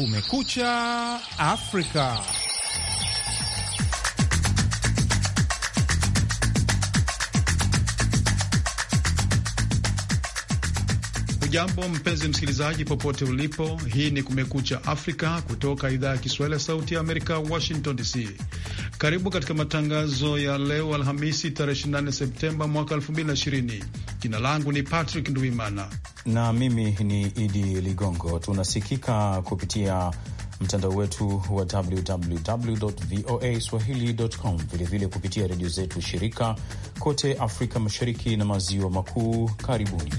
Kumekucha Afrika. Jambo mpenzi msikilizaji, popote ulipo, hii ni Kumekucha Afrika kutoka idhaa ya Kiswahili ya Sauti ya Amerika, Washington DC. Karibu katika matangazo ya leo Alhamisi, tarehe 28 Septemba mwaka 2020. Jina langu ni Patrick Ndwimana na mimi ni Idi Ligongo. Tunasikika kupitia mtandao wetu wa www voa swahili.com, vilevile kupitia redio zetu shirika kote Afrika Mashariki na Maziwa Makuu. Karibuni.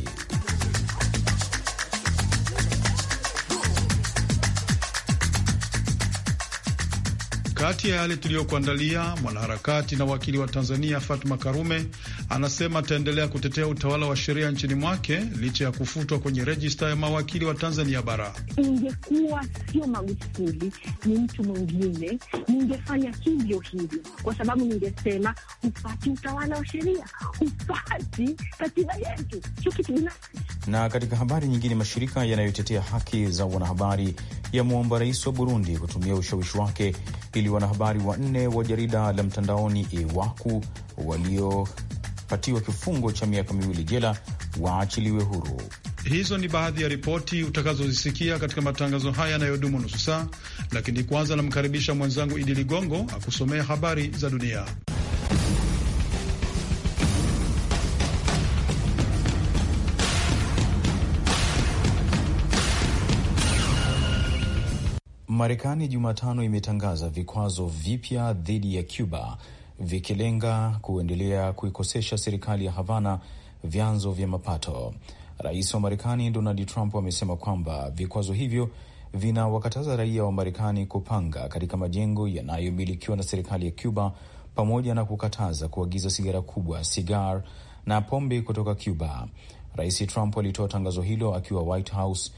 Kati ya yale tuliyokuandalia, mwanaharakati na wakili wa Tanzania Fatma Karume anasema ataendelea kutetea utawala wa sheria nchini mwake licha ya kufutwa kwenye rejista ya mawakili wa Tanzania Bara. Ingekuwa sio Magufuli, ni mtu mwingine, ningefanya hivyo hivyo, kwa sababu ningesema hupati utawala wa sheria, hupati katiba yetu, sio kitu binafsi. Na katika habari nyingine, mashirika yanayotetea haki za wanahabari yamwomba rais wa Burundi kutumia ushawishi wake ili wanahabari wanne wa jarida la mtandaoni Iwaku waliopatiwa kifungo cha miaka miwili jela waachiliwe huru. Hizo ni baadhi ya ripoti utakazozisikia katika matangazo haya yanayodumu nusu saa, lakini kwanza namkaribisha mwenzangu Idi Ligongo akusomea habari za dunia. Marekani Jumatano imetangaza vikwazo vipya dhidi ya Cuba vikilenga kuendelea kuikosesha serikali ya Havana vyanzo vya mapato. Rais wa Marekani Donald Trump amesema kwamba vikwazo hivyo vinawakataza raia wa Marekani kupanga katika majengo yanayomilikiwa na serikali ya Cuba pamoja na kukataza kuagiza sigara kubwa, sigar na pombe kutoka Cuba. Rais Trump alitoa tangazo hilo akiwa White House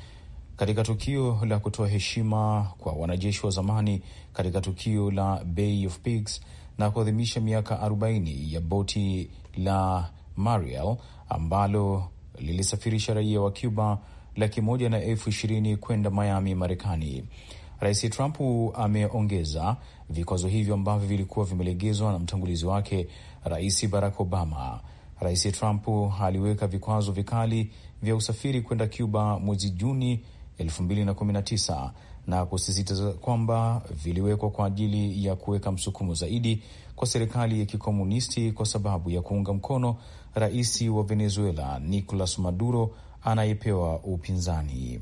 katika tukio la kutoa heshima kwa wanajeshi wa zamani katika tukio la Bay of Pigs na kuadhimisha miaka 40 ya boti la Mariel ambalo lilisafirisha raia wa Cuba laki moja na elfu ishirini kwenda Miami, Marekani. Rais Trump ameongeza vikwazo hivyo ambavyo vilikuwa vimelegezwa na mtangulizi wake Rais Barack Obama. Rais Trump aliweka vikwazo vikali vya usafiri kwenda Cuba mwezi Juni 2019 na kusisitiza kwamba viliwekwa kwa ajili ya kuweka msukumo zaidi kwa serikali ya kikomunisti kwa sababu ya kuunga mkono rais wa Venezuela Nicolas Maduro anayepewa upinzani.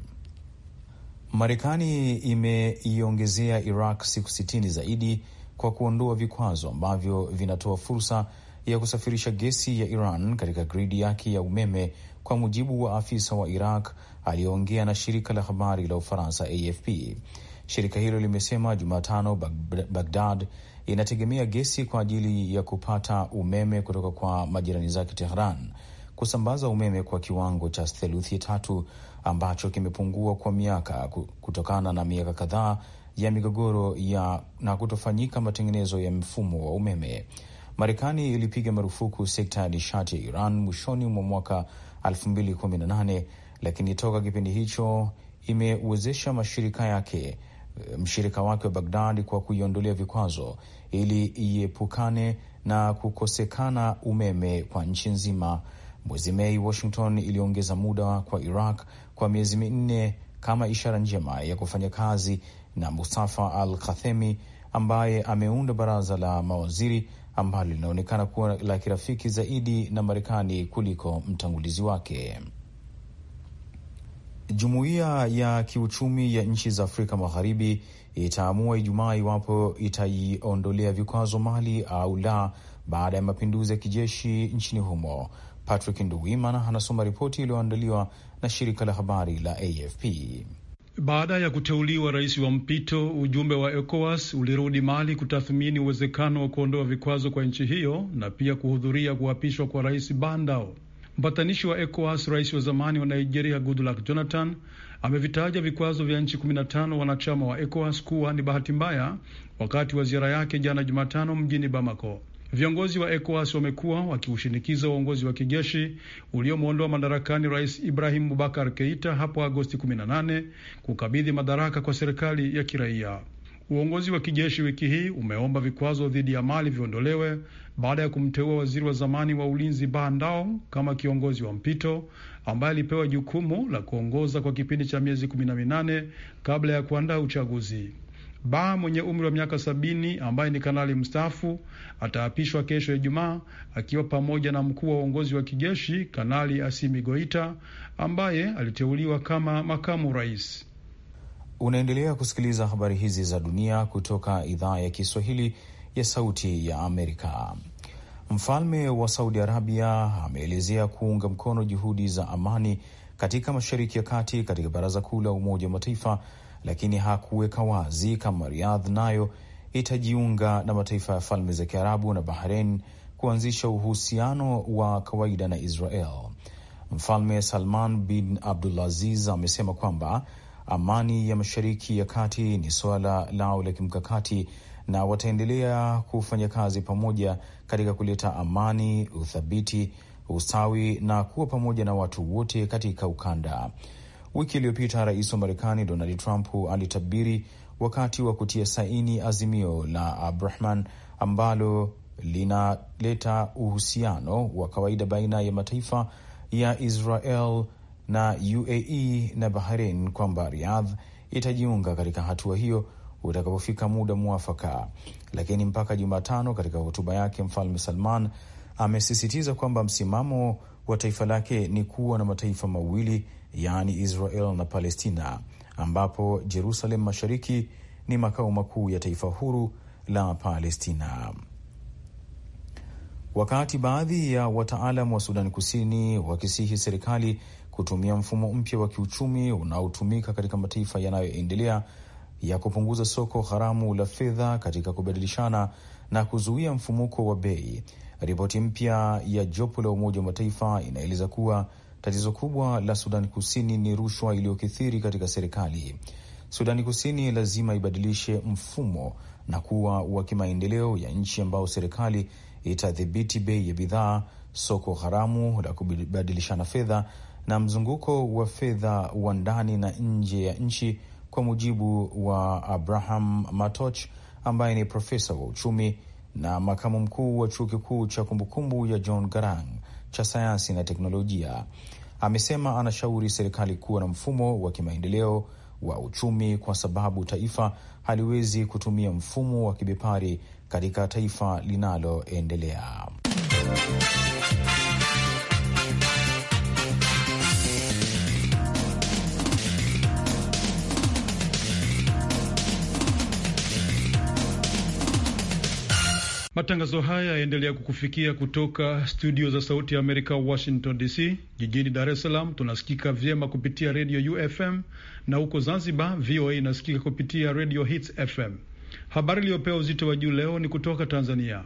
Marekani imeiongezea Iraq siku 60 zaidi kwa kuondoa vikwazo ambavyo vinatoa fursa ya kusafirisha gesi ya Iran katika gridi yake ya umeme, kwa mujibu wa afisa wa Iraq aliyoongea na shirika la habari la Ufaransa AFP. Shirika hilo limesema Jumatano Bagdad inategemea gesi kwa ajili ya kupata umeme kutoka kwa majirani zake Tehran, kusambaza umeme kwa kiwango cha theluthi tatu ambacho kimepungua kwa miaka kutokana na miaka kadhaa ya migogoro ya na kutofanyika matengenezo ya mfumo wa umeme. Marekani ilipiga marufuku sekta ya nishati ya Iran mwishoni mwa mwaka 2018 lakini toka kipindi hicho imewezesha mashirika yake mshirika wake wa Bagdad kwa kuiondolea vikwazo ili iepukane na kukosekana umeme kwa nchi nzima. Mwezi Mei, Washington iliongeza muda kwa Iraq kwa miezi minne kama ishara njema ya kufanya kazi na Mustafa Al Kathemi ambaye ameunda baraza la mawaziri ambalo linaonekana kuwa la kirafiki zaidi na Marekani kuliko mtangulizi wake. Jumuiya ya Kiuchumi ya Nchi za Afrika Magharibi itaamua Ijumaa iwapo itaiondolea vikwazo Mali au la baada ya mapinduzi ya kijeshi nchini humo. Patrick Nduwimana anasoma ripoti iliyoandaliwa na shirika la habari la AFP. Baada ya kuteuliwa rais wa mpito, ujumbe wa ECOWAS ulirudi Mali kutathmini uwezekano wa kuondoa vikwazo kwa nchi hiyo na pia kuhudhuria kuapishwa kwa rais Bandao. Mpatanishi wa ECOWAS, rais wa zamani wa Nigeria Goodluck Jonathan amevitaja vikwazo vya nchi 15 wanachama wa ECOWAS kuwa ni bahati mbaya wakati wa ziara yake jana Jumatano mjini Bamako. Viongozi wa ECOWAS wamekuwa wakiushinikiza uongozi wa kijeshi uliomwondoa madarakani rais Ibrahim Bubakar Keita hapo Agosti 18 kukabidhi madaraka kwa serikali ya kiraia. Uongozi wa kijeshi wiki hii umeomba vikwazo dhidi ya Mali viondolewe baada ya kumteua waziri wa zamani wa ulinzi Ba Ndao kama kiongozi wa mpito ambaye alipewa jukumu la kuongoza kwa kipindi cha miezi kumi na minane kabla ya kuandaa uchaguzi. Ba mwenye umri wa miaka sabini ambaye ni kanali mstaafu ataapishwa kesho Ijumaa akiwa pamoja na mkuu wa uongozi wa kijeshi Kanali Asimi Goita ambaye aliteuliwa kama makamu rais. Unaendelea kusikiliza habari hizi za dunia kutoka idhaa ya Kiswahili ya Sauti ya Amerika. Mfalme wa Saudi Arabia ameelezea kuunga mkono juhudi za amani katika Mashariki ya Kati katika Baraza Kuu la Umoja wa Mataifa, lakini hakuweka wazi kama Riyadh nayo itajiunga na mataifa ya Falme za Kiarabu na Bahrein kuanzisha uhusiano wa kawaida na Israel. Mfalme Salman bin Abdulaziz amesema kwamba Amani ya Mashariki ya Kati ni suala lao la kimkakati na wataendelea kufanya kazi pamoja katika kuleta amani, uthabiti, ustawi na kuwa pamoja na watu wote katika ukanda. Wiki iliyopita rais wa Marekani Donald Trump alitabiri wakati wa kutia saini azimio la Abrahman ambalo linaleta uhusiano wa kawaida baina ya mataifa ya Israel na UAE na Bahrain kwamba Riyadh itajiunga katika hatua hiyo utakapofika muda mwafaka. Lakini mpaka Jumatano, katika hotuba yake, Mfalme Salman amesisitiza kwamba msimamo wa taifa lake ni kuwa na mataifa mawili, yaani Israel na Palestina, ambapo Jerusalem Mashariki ni makao makuu ya taifa huru la Palestina. Wakati baadhi ya wataalam wa Sudan Kusini wakisihi serikali kutumia mfumo mpya wa kiuchumi unaotumika katika mataifa yanayoendelea ya kupunguza soko haramu la fedha katika kubadilishana na kuzuia mfumuko wa bei. Ripoti mpya ya jopo la Umoja wa Mataifa inaeleza kuwa tatizo kubwa la Sudani Kusini ni rushwa iliyokithiri katika serikali. Sudani Kusini lazima ibadilishe mfumo na kuwa wa kimaendeleo ya nchi ambao serikali itadhibiti bei ya bidhaa soko haramu la kubadilishana fedha na mzunguko wa fedha wa ndani na nje ya nchi, kwa mujibu wa Abraham Matoch ambaye ni profesa wa uchumi na makamu mkuu wa chuo kikuu cha kumbukumbu ya John Garang cha sayansi na teknolojia. Amesema anashauri serikali kuwa na mfumo wa kimaendeleo wa uchumi kwa sababu taifa haliwezi kutumia mfumo wa kibepari katika taifa linaloendelea. Matangazo haya yaendelea kukufikia kutoka studio za Sauti ya Amerika, Washington DC. Jijini Dar es Salaam tunasikika vyema kupitia redio UFM na huko Zanzibar VOA inasikika kupitia redio Hits FM. Habari iliyopewa uzito wa juu leo ni kutoka Tanzania.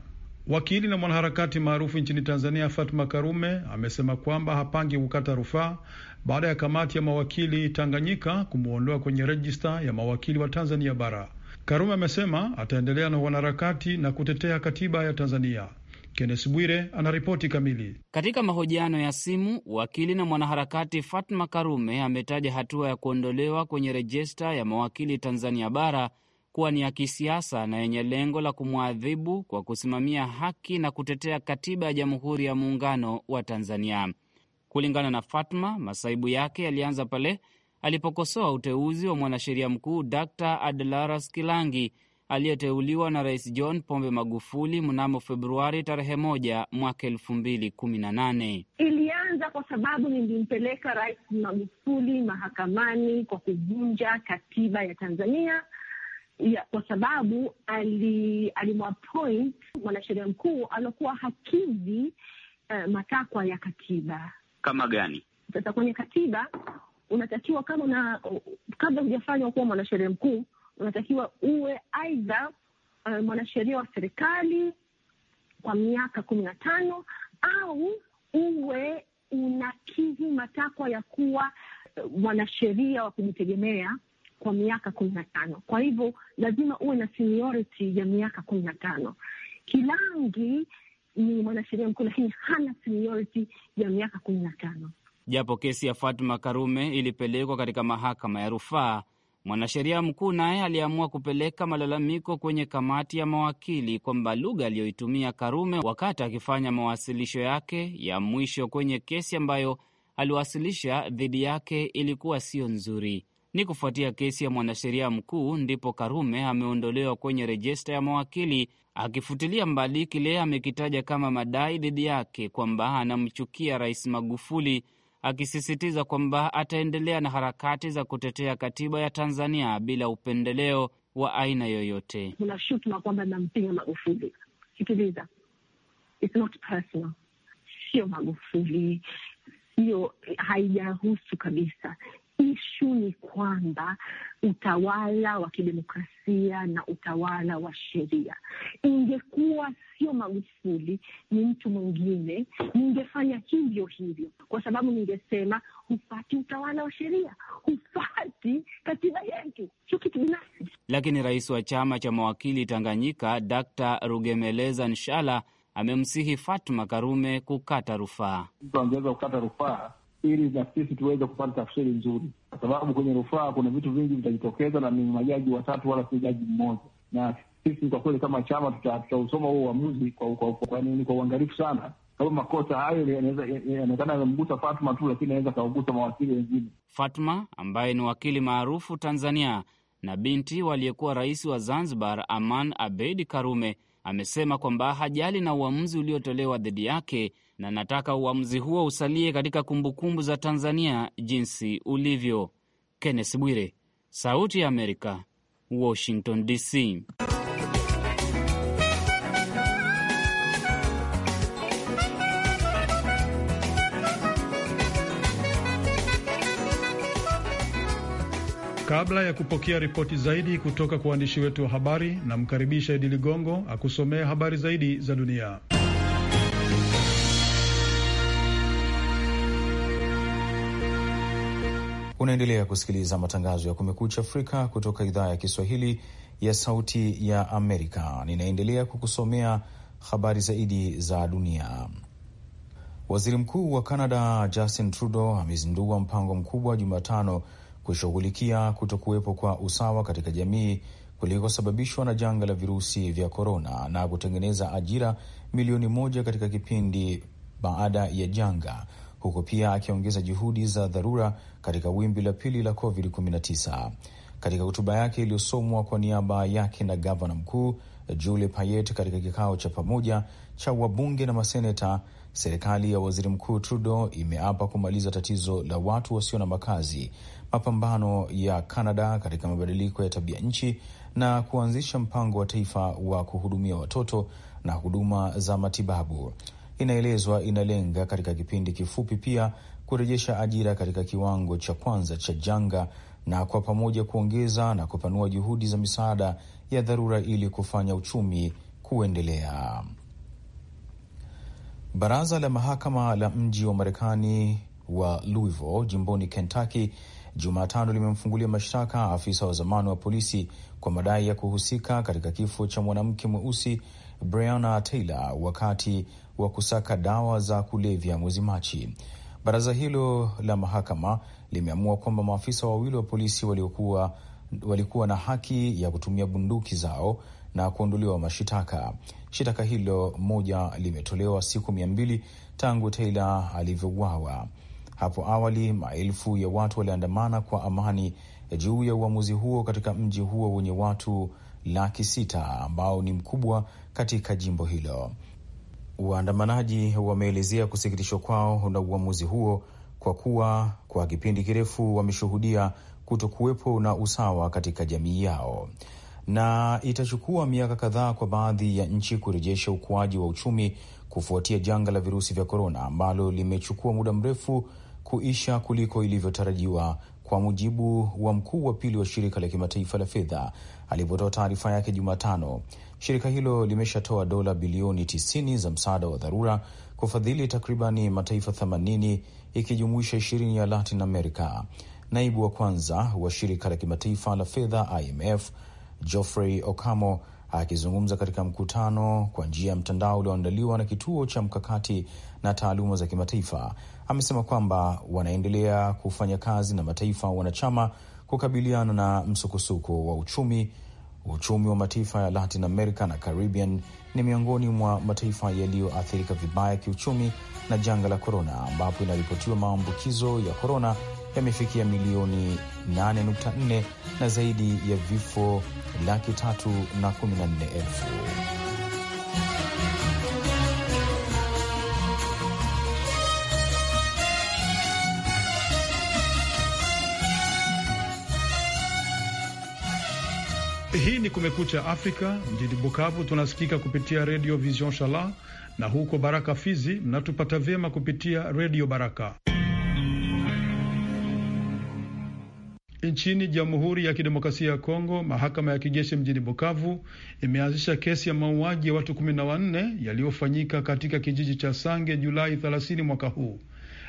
Wakili na mwanaharakati maarufu nchini Tanzania Fatma Karume amesema kwamba hapangi kukata rufaa baada ya kamati ya mawakili Tanganyika kumwondoa kwenye rejista ya mawakili wa Tanzania Bara. Karume amesema ataendelea na wanaharakati na kutetea katiba ya Tanzania. Kennes Bwire anaripoti kamili. Katika mahojiano ya simu, wakili na mwanaharakati Fatma Karume ametaja hatua ya kuondolewa kwenye rejista ya mawakili Tanzania Bara kuwa ni ya kisiasa na yenye lengo la kumwadhibu kwa kusimamia haki na kutetea katiba ya Jamhuri ya Muungano wa Tanzania. Kulingana na Fatma, masaibu yake yalianza pale alipokosoa uteuzi wa mwanasheria mkuu Dr adlaras Kilangi aliyeteuliwa na Rais John Pombe Magufuli mnamo Februari tarehe moja mwaka elfu mbili kumi na nane. Ilianza kwa sababu nilimpeleka Rais Magufuli mahakamani kwa kuvunja katiba ya Tanzania ya, kwa sababu alimwapoint ali mwanasheria mkuu aliokuwa hakizi uh, eh, matakwa ya katiba. Kama gani? Sasa kwenye katiba unatakiwa kama una kabla hujafanywa kuwa mwanasheria mkuu unatakiwa uwe aidha uh, mwanasheria wa serikali kwa miaka kumi na tano au uwe unakidhi matakwa ya kuwa eh, mwanasheria wa kujitegemea kwa miaka kumi na tano. Kwa hivyo lazima uwe na seniority ya miaka kumi na tano. Kilangi ni mwanasheria mkuu lakini hana seniority ya miaka kumi na tano. Japo kesi ya Fatma Karume ilipelekwa katika mahakama ya rufaa, mwanasheria mkuu naye aliamua kupeleka malalamiko kwenye kamati ya mawakili kwamba lugha aliyoitumia Karume wakati akifanya mawasilisho yake ya mwisho kwenye kesi ambayo aliwasilisha dhidi yake ilikuwa siyo nzuri. Ni kufuatia kesi ya mwanasheria mkuu ndipo Karume ameondolewa kwenye rejista ya mawakili, akifutilia mbali kile amekitaja kama madai dhidi yake kwamba anamchukia Rais Magufuli, akisisitiza kwamba ataendelea na harakati za kutetea katiba ya Tanzania bila upendeleo wa aina yoyote. kwamba Magufuli. Sikiliza, it's not personal, sio Magufuli, sio, haijahusu kabisa Ishu ni kwamba utawala wa kidemokrasia na utawala wa sheria, ingekuwa sio Magufuli, ni mtu mwingine, ningefanya hivyo hivyo, kwa sababu ningesema hufati utawala wa sheria, hufati katiba yetu, sio kitu binafsi. Lakini rais wa chama cha mawakili Tanganyika, Dkt. Rugemeleza Nshala, amemsihi Fatma Karume kukata rufaa. Mtu angeweza kukata rufaa ili na sisi tuweze kupata tafsiri nzuri, kwa sababu kwenye rufaa kuna vitu vingi vitajitokeza, na ni majaji watatu wala si jaji mmoja, na sisi kwa kweli kama chama tutausoma huo uamuzi kwa kwa kwa uangalifu sana kama makosa hayo yanaonekana yamemgusa Fatma tu, lakini anaweza akawagusa mawakili wengine. Fatma ambaye ni wakili maarufu Tanzania na binti waliyekuwa rais wa Zanzibar Aman Abeid Karume amesema kwamba hajali na uamuzi uliotolewa dhidi yake na nataka uamuzi huo usalie katika kumbukumbu za Tanzania jinsi ulivyo. Kenneth Bwire, Sauti ya Amerika, Washington DC. Kabla ya kupokea ripoti zaidi kutoka kwa waandishi wetu wa habari, namkaribisha Idi Ligongo akusomea habari zaidi za dunia. Unaendelea kusikiliza matangazo ya Kumekucha Afrika kutoka idhaa ya Kiswahili ya Sauti ya Amerika. Ninaendelea kukusomea habari zaidi za dunia. Waziri Mkuu wa canada Justin Trudeau amezindua mpango mkubwa Jumatano kushughulikia kutokuwepo kwa usawa katika jamii kulikosababishwa na janga la virusi vya korona na kutengeneza ajira milioni moja katika kipindi baada ya janga huku pia akiongeza juhudi za dharura katika wimbi la pili la COVID-19. Katika hotuba yake iliyosomwa kwa niaba yake na gavana mkuu Julie Payet katika kikao cha pamoja cha wabunge na maseneta, serikali ya waziri mkuu Trudeau imeapa kumaliza tatizo la watu wasio na makazi, mapambano ya Kanada katika mabadiliko ya tabia nchi na kuanzisha mpango wa taifa wa kuhudumia watoto na huduma za matibabu inaelezwa inalenga katika kipindi kifupi pia kurejesha ajira katika kiwango cha kwanza cha janga na kwa pamoja kuongeza na kupanua juhudi za misaada ya dharura ili kufanya uchumi kuendelea. Baraza la mahakama la mji wa Marekani wa Louisville jimboni Kentucky Jumatano limemfungulia mashtaka afisa wa zamani wa polisi kwa madai ya kuhusika katika kifo cha mwanamke mweusi Breonna Taylor wakati wa kusaka dawa za kulevya mwezi Machi. Baraza hilo la mahakama limeamua kwamba maafisa wawili wa polisi waliokuwa, walikuwa na haki ya kutumia bunduki zao na kuondolewa mashitaka. Shitaka hilo moja limetolewa siku mia mbili tangu Taylor alivyouawa. Hapo awali maelfu ya watu waliandamana kwa amani juu ya uamuzi huo katika mji huo wenye watu laki sita ambao ni mkubwa katika jimbo hilo. Waandamanaji wameelezea kusikitishwa kwao na uamuzi huo kwa kuwa kwa kipindi kirefu wameshuhudia kuto kuwepo na usawa katika jamii yao, na itachukua miaka kadhaa kwa baadhi ya nchi kurejesha ukuaji wa uchumi kufuatia janga la virusi vya korona ambalo limechukua muda mrefu kuisha kuliko ilivyotarajiwa, kwa mujibu wa mkuu wa pili wa shirika la kimataifa la fedha alipotoa taarifa yake Jumatano. Shirika hilo limeshatoa dola bilioni 90 za msaada wa dharura kufadhili takribani mataifa 80 ikijumuisha ishirini ya Latin America. Naibu wa kwanza wa shirika la kimataifa la fedha IMF Geoffrey Okamo akizungumza katika mkutano kwa njia ya mtandao ulioandaliwa na kituo cha mkakati na taaluma za kimataifa amesema kwamba wanaendelea kufanya kazi na mataifa wanachama kukabiliana na msukosuko wa uchumi Uchumi wa mataifa ya Latin America na Caribbean ni miongoni mwa mataifa yaliyoathirika vibaya kiuchumi na janga la korona, ambapo inaripotiwa maambukizo ya korona yamefikia milioni 8.4 na zaidi ya vifo laki tatu na 14 elfu. Hii ni Kumekucha Afrika. Mjini Bukavu tunasikika kupitia Redio Vision Shala, na huko Baraka Fizi mnatupata vyema kupitia Redio Baraka. Nchini Jamhuri ya Kidemokrasia ya Kongo, mahakama ya kijeshi mjini Bukavu imeanzisha kesi ya mauaji ya watu kumi na wanne yaliyofanyika katika kijiji cha Sange Julai 30 mwaka huu.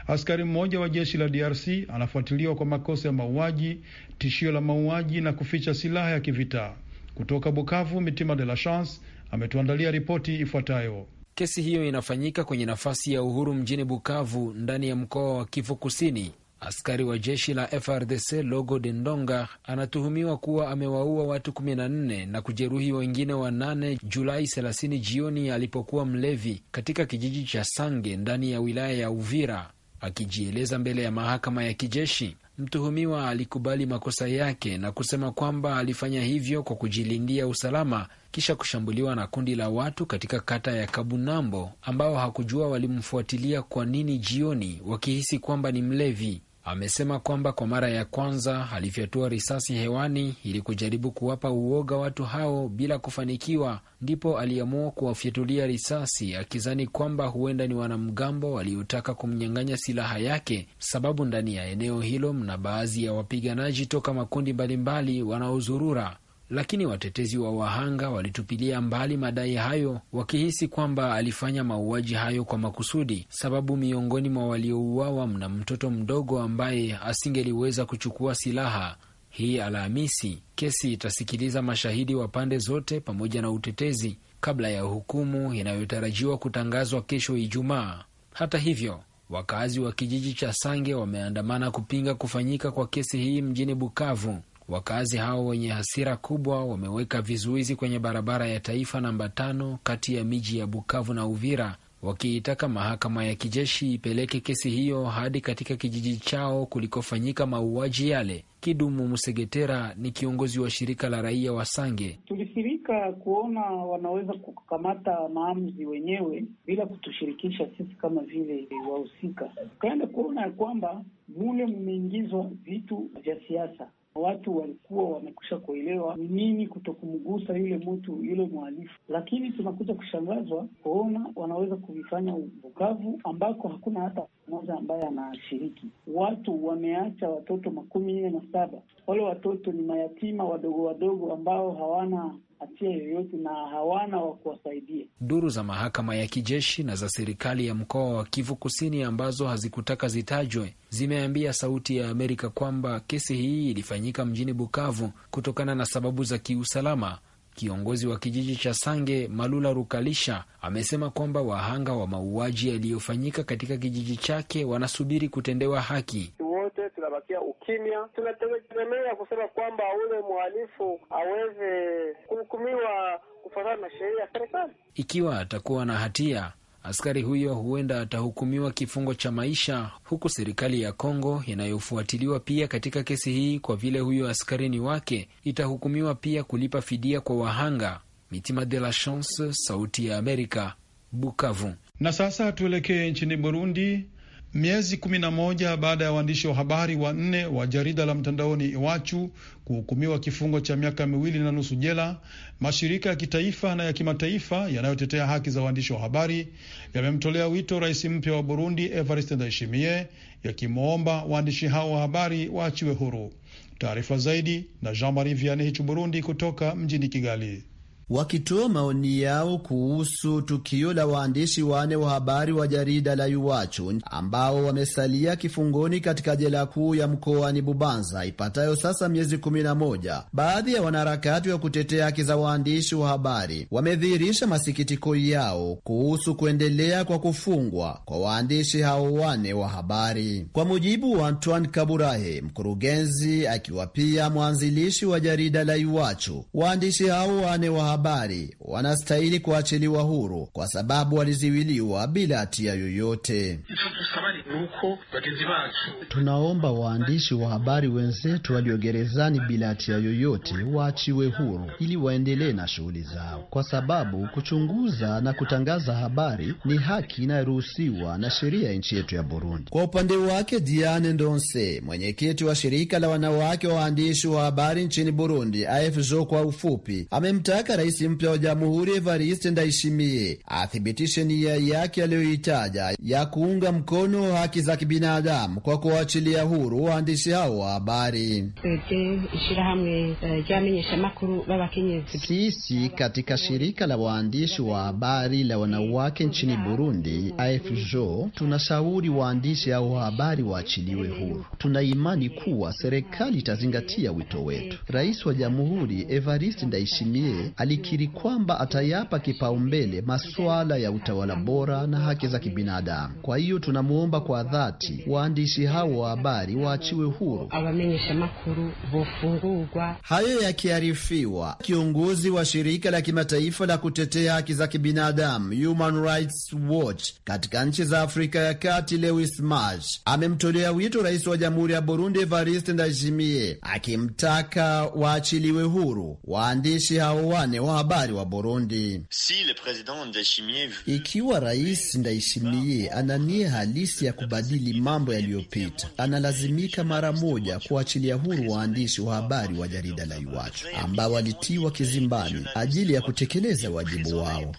Askari mmoja wa jeshi la DRC anafuatiliwa kwa makosa ya mauaji, tishio la mauaji na kuficha silaha ya kivita. Kutoka Bukavu, Mitima de la Chance ametuandalia ripoti ifuatayo. Kesi hiyo inafanyika kwenye nafasi ya uhuru mjini Bukavu, ndani ya mkoa wa Kivu Kusini. Askari wa jeshi la FRDC Logo de Ndonga anatuhumiwa kuwa amewaua watu 14 na kujeruhi wengine wa nane Julai 30 jioni alipokuwa mlevi katika kijiji cha Sange ndani ya wilaya ya Uvira. Akijieleza mbele ya mahakama ya kijeshi, mtuhumiwa alikubali makosa yake na kusema kwamba alifanya hivyo kwa kujilindia usalama kisha kushambuliwa na kundi la watu katika kata ya Kabunambo ambao hakujua walimfuatilia kwa nini jioni wakihisi kwamba ni mlevi amesema kwamba kwa mara ya kwanza alifyatua risasi hewani ili kujaribu kuwapa uoga watu hao bila kufanikiwa, ndipo aliamua kuwafyatulia risasi akizani kwamba huenda ni wanamgambo waliotaka kumnyang'anya silaha yake, sababu ndani ya eneo hilo mna baadhi ya wapiganaji toka makundi mbalimbali wanaozurura lakini watetezi wa wahanga walitupilia mbali madai hayo wakihisi kwamba alifanya mauaji hayo kwa makusudi, sababu miongoni mwa waliouawa mna mtoto mdogo ambaye asingeliweza kuchukua silaha. Hii Alhamisi kesi itasikiliza mashahidi wa pande zote pamoja na utetezi kabla ya hukumu inayotarajiwa kutangazwa kesho Ijumaa. Hata hivyo, wakazi wa kijiji cha Sange wameandamana kupinga kufanyika kwa kesi hii mjini Bukavu. Wakazi hao wenye hasira kubwa wameweka vizuizi kwenye barabara ya taifa namba tano kati ya miji ya Bukavu na Uvira, wakiitaka mahakama ya kijeshi ipeleke kesi hiyo hadi katika kijiji chao kulikofanyika mauaji yale. Kidumu msegetera ni kiongozi wa shirika la raia wa Sange. Tulishirika kuona wanaweza kukamata maamuzi wenyewe bila kutushirikisha sisi kama vile wahusika, tukaenda kuona ya kwamba mule mmeingizwa vitu vya siasa watu walikuwa wamekwisha kuelewa ni nini kutokumgusa yule mtu yule mhalifu, lakini tunakuja kushangazwa kuona wanaweza kuvifanya Bukavu ambako hakuna hata mmoja ambaye anashiriki. Watu wameacha watoto makumi nne na saba. Wale watoto ni mayatima wadogo wadogo ambao hawana hatia yoyote na hawana wa kuwasaidia. Duru za mahakama ya kijeshi na za serikali ya mkoa wa Kivu Kusini ambazo hazikutaka zitajwe zimeambia Sauti ya Amerika kwamba kesi hii ilifanyika mjini Bukavu kutokana na sababu za kiusalama. Kiongozi wa kijiji cha Sange Malula Rukalisha amesema kwamba wahanga wa mauaji yaliyofanyika katika kijiji chake wanasubiri kutendewa haki vya ukimya. Tunategemea kusema kwamba ule mhalifu aweze kuhukumiwa kufuatana na sheria ya serikali. Ikiwa atakuwa na hatia, askari huyo huenda atahukumiwa kifungo cha maisha, huku serikali ya Kongo inayofuatiliwa pia katika kesi hii, kwa vile huyo askari ni wake, itahukumiwa pia kulipa fidia kwa wahanga. Mitima de la Chance, Sauti ya Amerika, Bukavu. Na sasa tuelekee nchini Burundi miezi kumi na moja baada ya waandishi wa habari wanne wa jarida la mtandaoni Iwachu kuhukumiwa kifungo cha miaka miwili na nusu jela, mashirika ya kitaifa na ya kimataifa yanayotetea haki za waandishi wa habari yamemtolea wito rais mpya wa Burundi Evariste Ndayishimiye, yakimwomba waandishi hao wa habari waachiwe huru. Taarifa zaidi na Jean Marie Vianney Burundi, kutoka mjini Kigali wakitoa maoni yao kuhusu tukio la waandishi wane wa habari wa jarida la Iwachu ambao wamesalia kifungoni katika jela kuu ya mkoani Bubanza ipatayo sasa miezi 11. Baadhi ya wanaharakati wa kutetea haki za waandishi wa habari wamedhihirisha masikitiko yao kuhusu kuendelea kwa kufungwa kwa waandishi hao wane wa habari. Kwa mujibu wa Antoine Kaburahe, mkurugenzi akiwa pia mwanzilishi wa jarida la Iwachu, waandishi hao wane wa habari wanastahili kuachiliwa huru kwa sababu waliziwiliwa bila hatia yoyote. Tunaomba waandishi wa habari wenzetu waliogerezani bila hatia yoyote waachiwe huru ili waendelee na shughuli zao, kwa sababu kuchunguza na kutangaza habari ni haki inayoruhusiwa na sheria ya nchi yetu ya Burundi. Kwa upande wake, Diane Ndonse, mwenyekiti wa shirika la wanawake wa waandishi wa habari nchini Burundi, AFJO kwa ufupi, amemtaka rais mpya wa jamhuri Evariste Ndayishimiye athibitishe nia yake aliyoitaja ya kuunga mkono haki za kibinadamu kwa kuwachilia huru waandishi hao wa habari. Eh, Sisi katika shirika la waandishi wa habari la wanawake nchini Burundi AFJO tunashauri waandishi hao wa habari waachiliwe huru. Tuna imani kuwa serikali itazingatia wito wetu. Rais wa jamhuri Evariste Ndayishimiye ali alikiri kwamba atayapa kipaumbele masuala ya utawala bora na haki za kibinadamu. Kwa hiyo tunamwomba kwa dhati waandishi hao wa habari waachiwe huru. Hayo yakiarifiwa, kiongozi wa shirika la kimataifa la kutetea haki za kibinadamu Human Rights Watch katika nchi za Afrika ya Kati Lewis March amemtolea wito rais wa Jamhuri ya Burundi Evariste Ndayishimiye akimtaka waachiliwe huru waandishi hao wane wa habari wa Burundi. Si le president ikiwa rais Ndayishimiye ana nia halisi ya kubadili mambo yaliyopita, analazimika mara moja kuachilia huru waandishi wa habari wa jarida la Iwacu ambao walitiwa kizimbani ajili ya kutekeleza wajibu wao.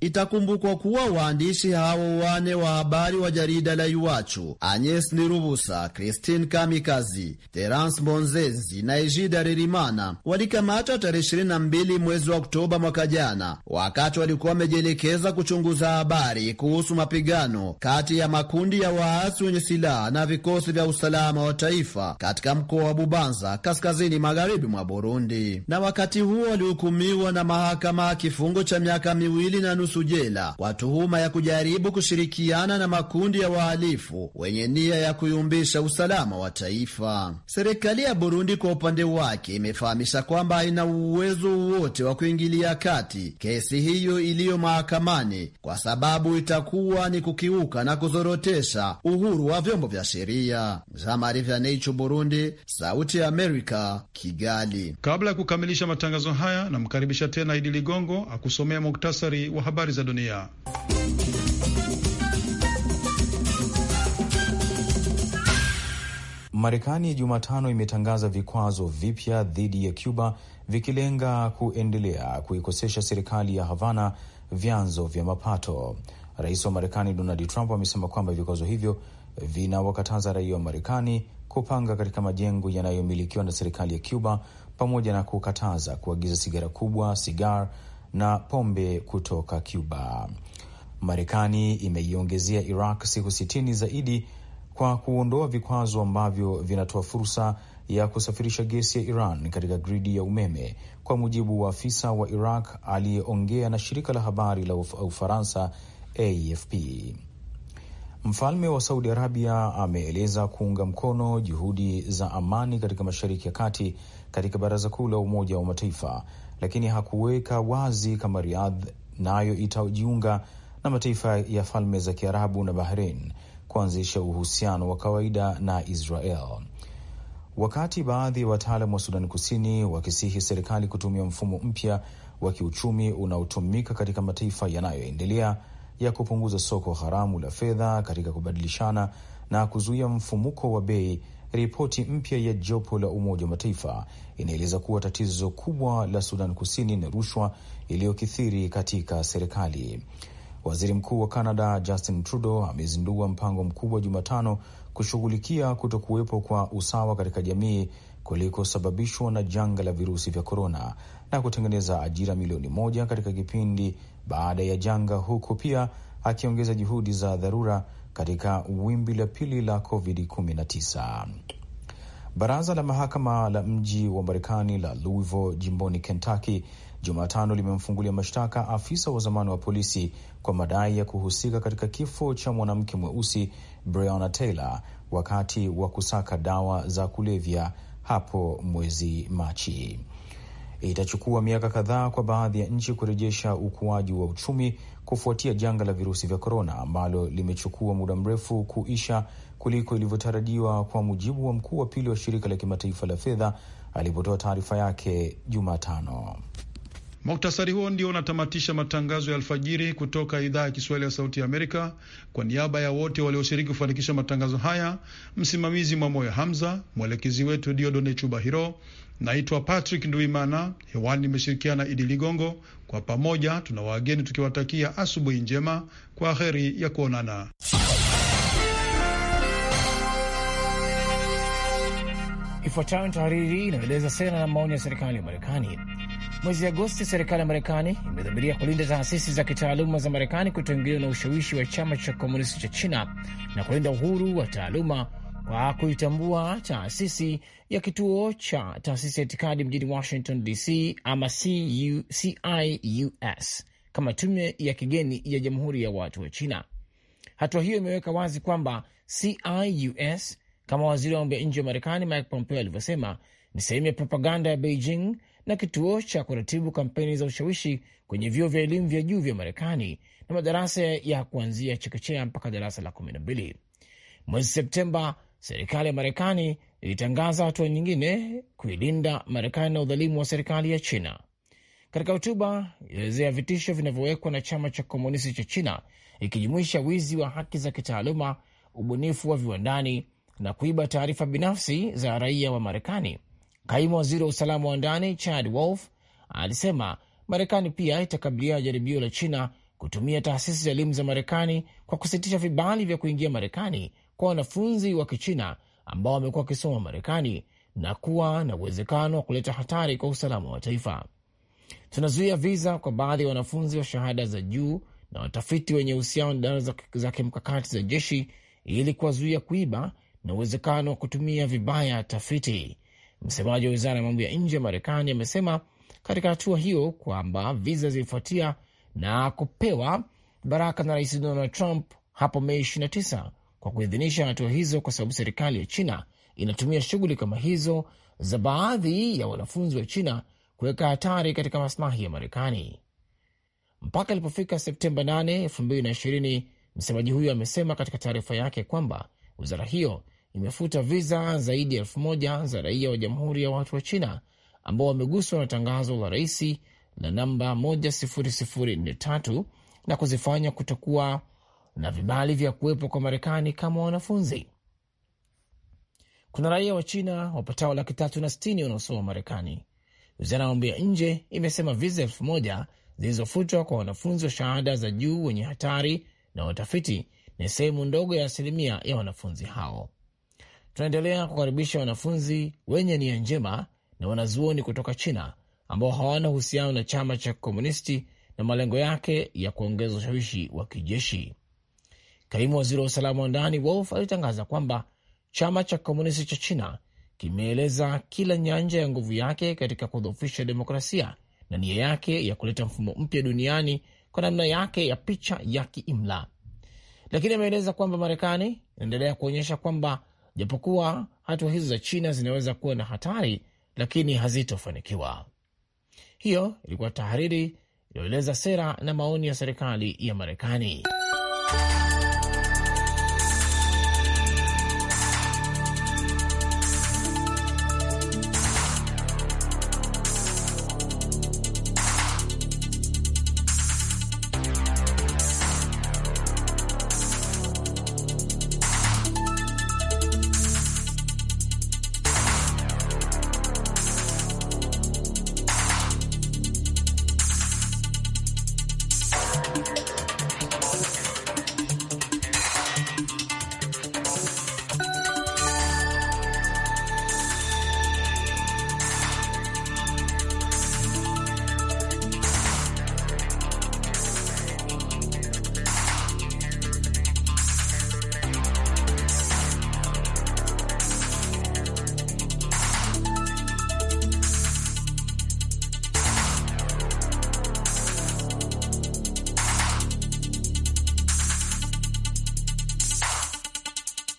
Itakumbukwa kuwa waandishi hao wane wa habari wa jarida la Iwacu, Agnes Nirubusa, Christine Kamikazi, Terence bonzezi na Ejida ririmana walikamatwa tarehe 22 mwezi wa Oktoba mwaka jana, wakati walikuwa wamejielekeza kuchunguza habari kuhusu mapigano kati ya makundi ya waasi wenye silaha na vikosi vya usalama wa taifa katika mkoa wa Bubanza, kaskazini magharibi mwa Burundi, na wakati huo walihukumiwa na mahakama kifungo cha miaka miwili na nusu jela kwa tuhuma ya kujaribu kushirikiana na makundi ya wahalifu wenye nia ya kuyumbisha usalama wa taifa. Serikali ya Burundi kwa upande wake imefahamisha kwamba haina uwezo uwezo wowote wa kuingilia kati kesi hiyo iliyo mahakamani, kwa sababu itakuwa ni kukiuka na kuzorotesha uhuru wa vyombo vya sheria. Burundi, Sauti ya Amerika, Kigali. Kabla ya kukamilisha matangazo haya, namkaribisha tena Idi Ligongo akusomea muktasari wa habari za dunia. Marekani Jumatano imetangaza vikwazo vipya dhidi ya Cuba vikilenga kuendelea kuikosesha serikali ya Havana vyanzo vya mapato. Rais wa Marekani Donald Trump amesema kwamba vikwazo hivyo vinawakataza raia wa Marekani kupanga katika majengo yanayomilikiwa na serikali ya Cuba pamoja na kukataza kuagiza sigara kubwa, sigar na pombe kutoka Cuba. Marekani imeiongezea Iraq siku sitini zaidi kwa kuondoa vikwazo ambavyo vinatoa fursa ya kusafirisha gesi ya Iran katika gridi ya umeme, kwa mujibu wa afisa wa Iraq aliyeongea na shirika la habari la Ufaransa AFP. Mfalme wa Saudi Arabia ameeleza kuunga mkono juhudi za amani katika Mashariki ya Kati katika Baraza Kuu la Umoja wa Mataifa, lakini hakuweka wazi kama riadh nayo itajiunga na mataifa ya Falme za Kiarabu na Bahrein kuanzisha uhusiano wa kawaida na Israel. Wakati baadhi ya wataalam wa sudani Kusini wakisihi serikali kutumia mfumo mpya wa kiuchumi unaotumika katika mataifa yanayoendelea ya kupunguza soko haramu la fedha katika kubadilishana na kuzuia mfumuko wa bei. Ripoti mpya ya jopo la Umoja wa Mataifa inaeleza kuwa tatizo kubwa la Sudan Kusini ni rushwa iliyokithiri katika serikali. Waziri Mkuu wa Canada Justin Trudeau amezindua mpango mkubwa Jumatano kushughulikia kutokuwepo kwa usawa katika jamii kulikosababishwa na janga la virusi vya korona na kutengeneza ajira milioni moja katika kipindi baada ya janga, huku pia akiongeza juhudi za dharura katika wimbi la pili la COVID-19. Baraza la mahakama la mji wa Marekani la Louisville jimboni Kentucky Jumatano limemfungulia mashtaka afisa wa zamani wa polisi kwa madai ya kuhusika katika kifo cha mwanamke mweusi Breonna Taylor wakati wa kusaka dawa za kulevya hapo mwezi Machi. Itachukua miaka kadhaa kwa baadhi ya nchi kurejesha ukuaji wa uchumi kufuatia janga la virusi vya korona ambalo limechukua muda mrefu kuisha kuliko ilivyotarajiwa, kwa mujibu wa mkuu wa pili wa shirika la kimataifa la fedha alipotoa taarifa yake Jumatano. Muktasari huo ndio unatamatisha matangazo ya alfajiri kutoka idhaa ya Kiswahili ya Sauti ya Amerika. Kwa niaba ya wote walioshiriki kufanikisha matangazo haya, msimamizi Mwamoyo Hamza, mwelekezi wetu Diodone Chubahiro. Naitwa Patrick Nduimana, hewani nimeshirikiana Idi Ligongo. Kwa pamoja tuna wageni tukiwatakia asubuhi njema, kwa heri ya kuonana. Ifuatayo ni tahariri inayoeleza sera na maoni ya serikali ya Marekani Mwezi Agosti, serikali ya Marekani imedhamiria kulinda taasisi za kitaaluma za Marekani kutoingiliwa na ushawishi wa chama cha komunisti cha China na kulinda uhuru wa taaluma kwa kuitambua taasisi ya kituo cha taasisi ya itikadi mjini Washington DC ama CIUS kama tume ya kigeni ya Jamhuri ya Watu wa China. Hatua hiyo imeweka wazi kwamba CIUS, kama waziri wa mambo ya nje wa Marekani Mike Pompeo alivyosema, ni sehemu ya propaganda ya Beijing na kituo cha kuratibu kampeni za ushawishi kwenye vyuo vya elimu vya juu vya Marekani na madarasa ya kuanzia chekechea mpaka darasa la kumi na mbili. Mwezi Septemba, serikali ya Marekani ilitangaza hatua nyingine kuilinda Marekani na udhalimu wa serikali ya China. Katika hotuba ilielezea vitisho vinavyowekwa na chama cha komunisti cha China, ikijumuisha wizi wa haki za kitaaluma, ubunifu wa viwandani na kuiba taarifa binafsi za raia wa Marekani Kaimu waziri wa usalama wa ndani Chad Wolf alisema Marekani pia itakabiliana jaribio la China kutumia taasisi za elimu za Marekani kwa kusitisha vibali vya kuingia Marekani kwa wanafunzi wa Kichina ambao wamekuwa wakisoma Marekani na kuwa na uwezekano wa kuleta hatari kwa usalama wa taifa. Tunazuia viza kwa baadhi ya wanafunzi wa shahada za juu na watafiti wenye uhusiano na dara za kimkakati za jeshi ili kuwazuia kuiba na uwezekano wa kutumia vibaya tafiti, Msemaji wa wizara ya mambo ya nje ya Marekani amesema katika hatua hiyo kwamba viza zilifuatia na kupewa baraka na Rais Donald Trump hapo Mei 29 kwa kuidhinisha hatua hizo, kwa sababu serikali ya China inatumia shughuli kama hizo za baadhi ya wanafunzi wa China kuweka hatari katika maslahi ya Marekani. Mpaka ilipofika Septemba 8, 2020, msemaji huyo amesema katika taarifa yake kwamba wizara hiyo imefuta viza zaidi ya elfu moja za raia wa Jamhuri ya Watu wa China ambao wameguswa na tangazo la raisi na namba 10043 na kuzifanya kutokuwa na vibali vya kuwepo kwa Marekani kama wanafunzi. Kuna raia wa China wapatao laki tatu na sitini wanaosoma Marekani. Wizara ya mambo ya nje imesema viza elfu moja zilizofutwa kwa wanafunzi wa shahada za juu wenye hatari na watafiti ni sehemu ndogo ya asilimia ya wanafunzi hao tunaendelea kukaribisha wanafunzi wenye nia njema na wanazuoni kutoka China ambao hawana uhusiano na chama cha kikomunisti na malengo yake ya kuongeza ushawishi wa kijeshi. Kaimu waziri wa usalama wa ndani Wolf alitangaza kwamba chama cha kikomunisti cha China kimeeleza kila nyanja ya nguvu yake katika kudhoofisha demokrasia na nia yake ya kuleta mfumo mpya duniani kwa namna yake ya picha ya kiimla, lakini ameeleza kwamba Marekani inaendelea kuonyesha kwamba Japokuwa hatua hizo za China zinaweza kuwa na hatari, lakini hazitofanikiwa. Hiyo ilikuwa tahariri iliyoeleza sera na maoni ya serikali ya Marekani.